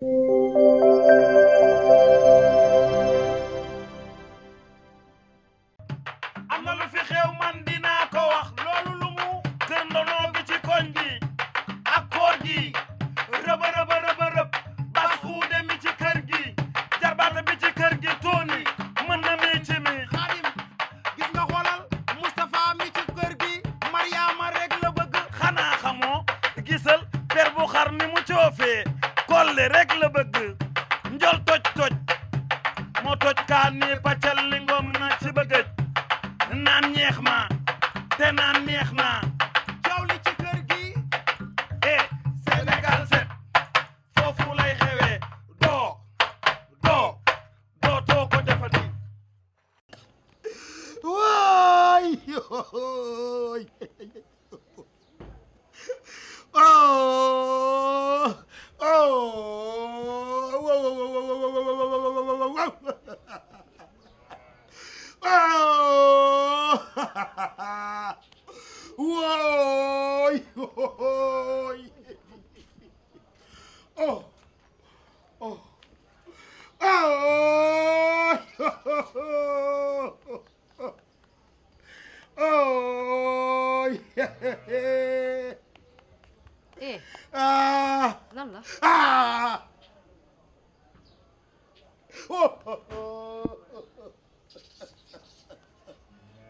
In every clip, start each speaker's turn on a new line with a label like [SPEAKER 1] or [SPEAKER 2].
[SPEAKER 1] thank you bëre rek la bëgg njol toj toj moo toj kaan ni pàccal li ngoom na ci bëggëj naan ñeex ma te naan ñeex naa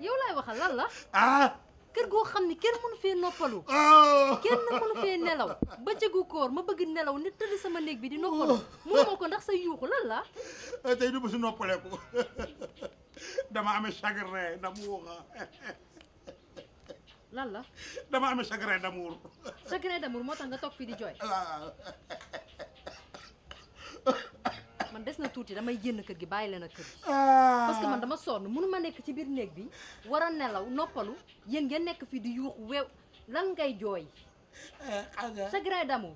[SPEAKER 2] yow lay waxal lan la. ah. kër goo xam ni kenn mënu fee noppalu. Oh. kenn mënu fee nelaw. bëccëgu koor ma bëgg nelaw nit tëdd sama néeg bi di noppalu. Oh. mënuma ko ndax sa yuuxu lan la. Eh, tey du bésu noppaleku
[SPEAKER 3] dama amee chagrin d'amour. lan la. dama amee chagrin d'amour.
[SPEAKER 2] chagrin d'amour moo tax nga toog fii di jooy. Ah. man des na tuuti damay génn kër gi bàyyi leen a kër gi.
[SPEAKER 1] Ah. parce que man dama
[SPEAKER 2] sonn mënu ma nekk ci biir néeg bi war a nelaw noppalu yéen ngeen nekk fii di yuux weew lan ngay jooy.
[SPEAKER 1] Eh, sa grain
[SPEAKER 2] d'amour.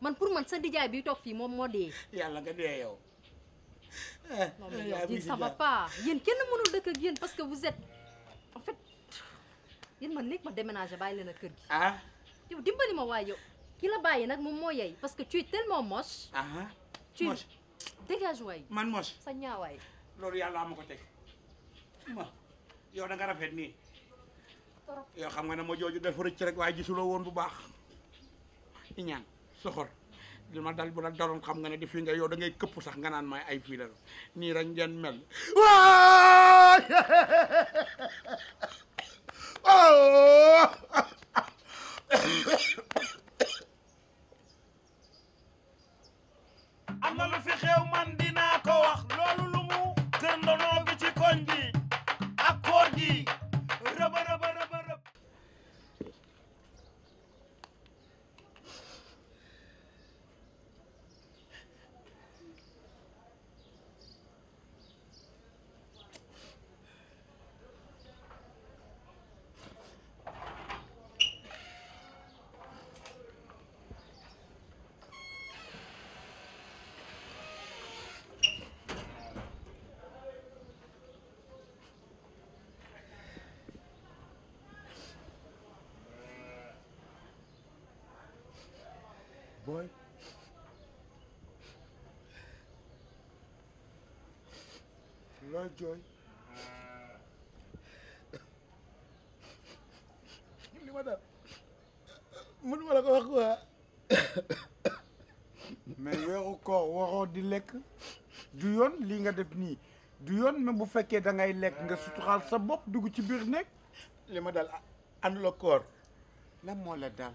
[SPEAKER 2] man pour man sa dijaay bi toog fii moom moo dee.
[SPEAKER 3] yàlla nga dee yow. non eh, mais yow di ça va
[SPEAKER 2] pas yéen yéen parce que vous êtes en fait yéen bàyyi leen a kër gi. ah yow dimbali ma waaye yow ki la bàyyi nag moom moo yey parce que tu es tellement moche. ah, ah. dégage waay. man mos sa ñaawaay.
[SPEAKER 3] loolu yàlla ma ko teg ma yow da rafet nii. trop yow xam nga ne ma jooju dafa rëcc rek waaye gisuloo woon bu baax. iñaan soxor li ma dal bu la daloon xam nga ne di fii nga yow da ngay këpp sax nga naan may ay fii nii rek ngeen mel. waaw.
[SPEAKER 1] Oh!
[SPEAKER 3] booy. looy jooy. li ma daal mënuma la ko wax quoi. mais weeru koor waroo di lekk du yoon lii nga def nii du yoon même bu fekkee dangay ngay lekk nga suturaal sa bopp dugg ci biir nekk. li ma daal ah, ànd la koor. lan moo la daal.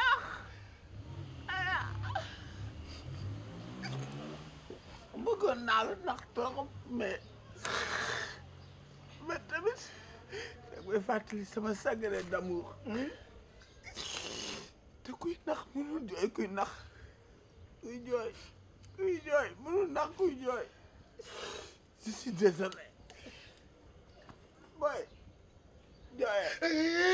[SPEAKER 3] bëggoon naa la ndax trop mais mais tamit da koy fàttali sama secret d'amour hmm? te kuy nax mënul jooy kuy nax kuy jooy kuy jooy mënul nax kuy jooy je suis désolé boy jooyee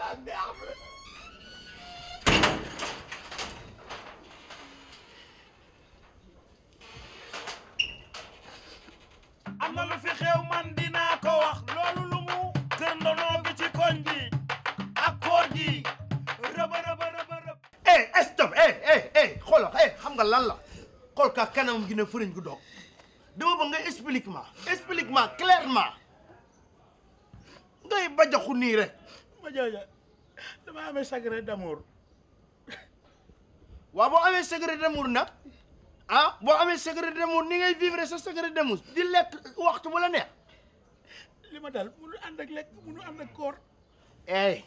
[SPEAKER 1] la merde am na lu fi xew man dinaa ko wax loolu lu mu kër ndono bi ci koñ bi ak koor gi rëba rëba rëba rëb eh, eh stop eh eh, eh, eh
[SPEAKER 2] xam nga lan la xool ka kanam gi ne fëriñ gu doog dama bëgg nga explique ma explique ma clairement ngay bajaxu nii rek ma jooja dama amee secret d'amour waaw boo amee secret d'amour nag ah boo amee secret d'amour ni ngay vivre sa secret d'amour di lekk waxtu bu la neex li ma dal munu ànd ak lekk munu ànd ak koor ey eh,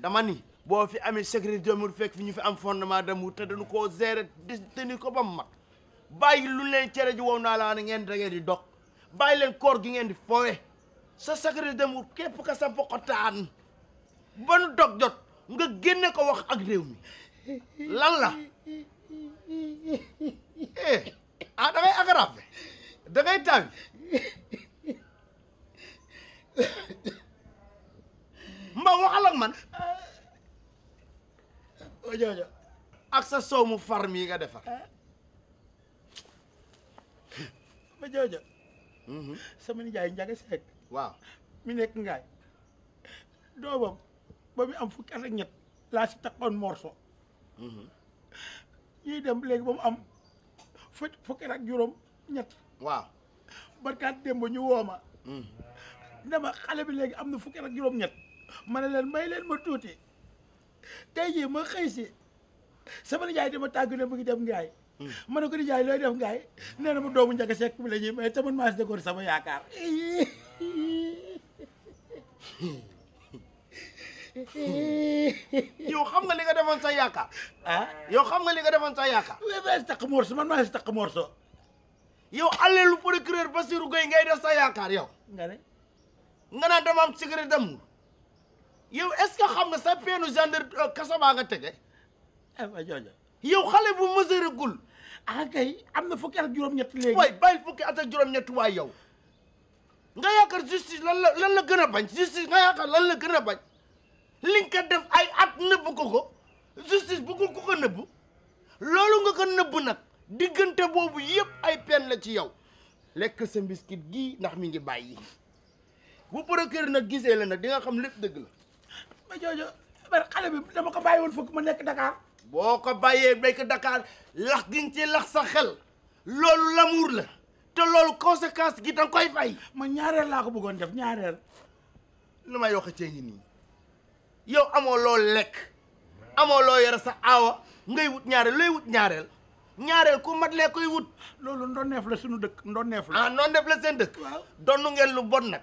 [SPEAKER 2] dama ni boo fi amee secret d'amour fekk fi ñu fi am fondement d'amour te dañu koo gérer di tenir ko ba mu mat bàyyi lu leen cere ji wow naa laa ne ngeen da di dog bàyyi leen koor gi ngeen di fowe sa secret d'amour képp ka sa bokkotaan ba nu dog jot nga génne ko wax ak réew mi lan la eh ah da agaraaf da ngay taawi mba waxal ak man joojo ak sa soow mu far mii nga defar ba joojo mhm. sama
[SPEAKER 3] nijaay njaga seek waaw mi nekk ngaay doomam ba mu am fukki at ak ñett laa si takkoon morso mhm. ñuy dem léegi ba mu am fu fukki at ak juróom ñett waaw barkaat démb ñu wooma mhm. ma xale bi léegi am na fukki at ak juróom ñett ma ne leen may leen ma tuuti tey jii ma xëy si sama nijaay dama tàgg ne mu ngi dem ngaay mhm. ma ne ko nijaay looy def ngaay nee na mu doomu njaga sekk bi la ñuy may taman maas dégoor sama yaakaar
[SPEAKER 2] yow xam nga li nga defoon sa yaakaar. ah yow xam nga li nga defoon sa yaakaar. mais maa ngi takk morso man maa ngi takk morso. yow allelu procureur Bassirou Gueye ngay def sa yaakaar yow. nga ne. nga naan dama am secret d'amour yow est-ce que xam nga sa peenu gendarme euh, kasama nga tege. Eh, yow xale bu mesure gul. ah kay am na fukki at juróom-ñett léegi. ñett waay yow. nga yaakaar justice lan la lan la gën a bañ justice nga yaakaar lan la gën a bañ. li nga def ay at nëbb ko ko justice bëggul ko ko nëbb loolu nga ko nëbb nag diggante boobu yëpp ay peine la ci yow lekk sa mbiskit gi ndax mi ngi bàyyi bu procureur na gisee la nag di nga xam lépp dëgg la ba joojo bar xale bi dama ko ma nekk Dakar boo ko bàyyee béyk Dakar lax gi nga ci lax sa xel loolu l'amour la te loolu conséquence gi danga koy fay ma ñaareel laa ko bëggoon def ñaareel lu may wax cee nii yow amoo loo lekk amoo loo yore sa aawa ngay wut ñaareel looy wut ñaareel ñaareel ku mat lee koy wut. loolu ndonneef la suñu dëkk ndonneef la. ah ndonneef la seen dëkk. waaw donnu ngeen lu bon nag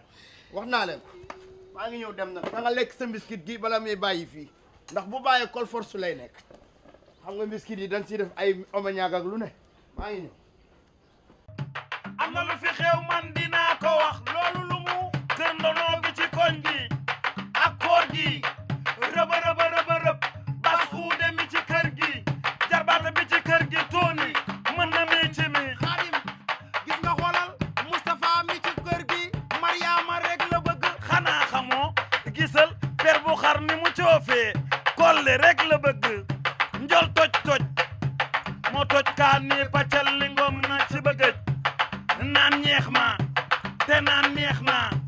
[SPEAKER 2] wax naa leen ko maa ngi ñëw dem nag. danga lekk sa mbiskit gi bala muy bàyyi fii ndax bu bàyyee col force lay nekk xam nga mbiskit yi dañ ciy def ay omeñaag ak lu
[SPEAKER 1] ne maa ngi ñëw. am na lu fi man te naan neex naa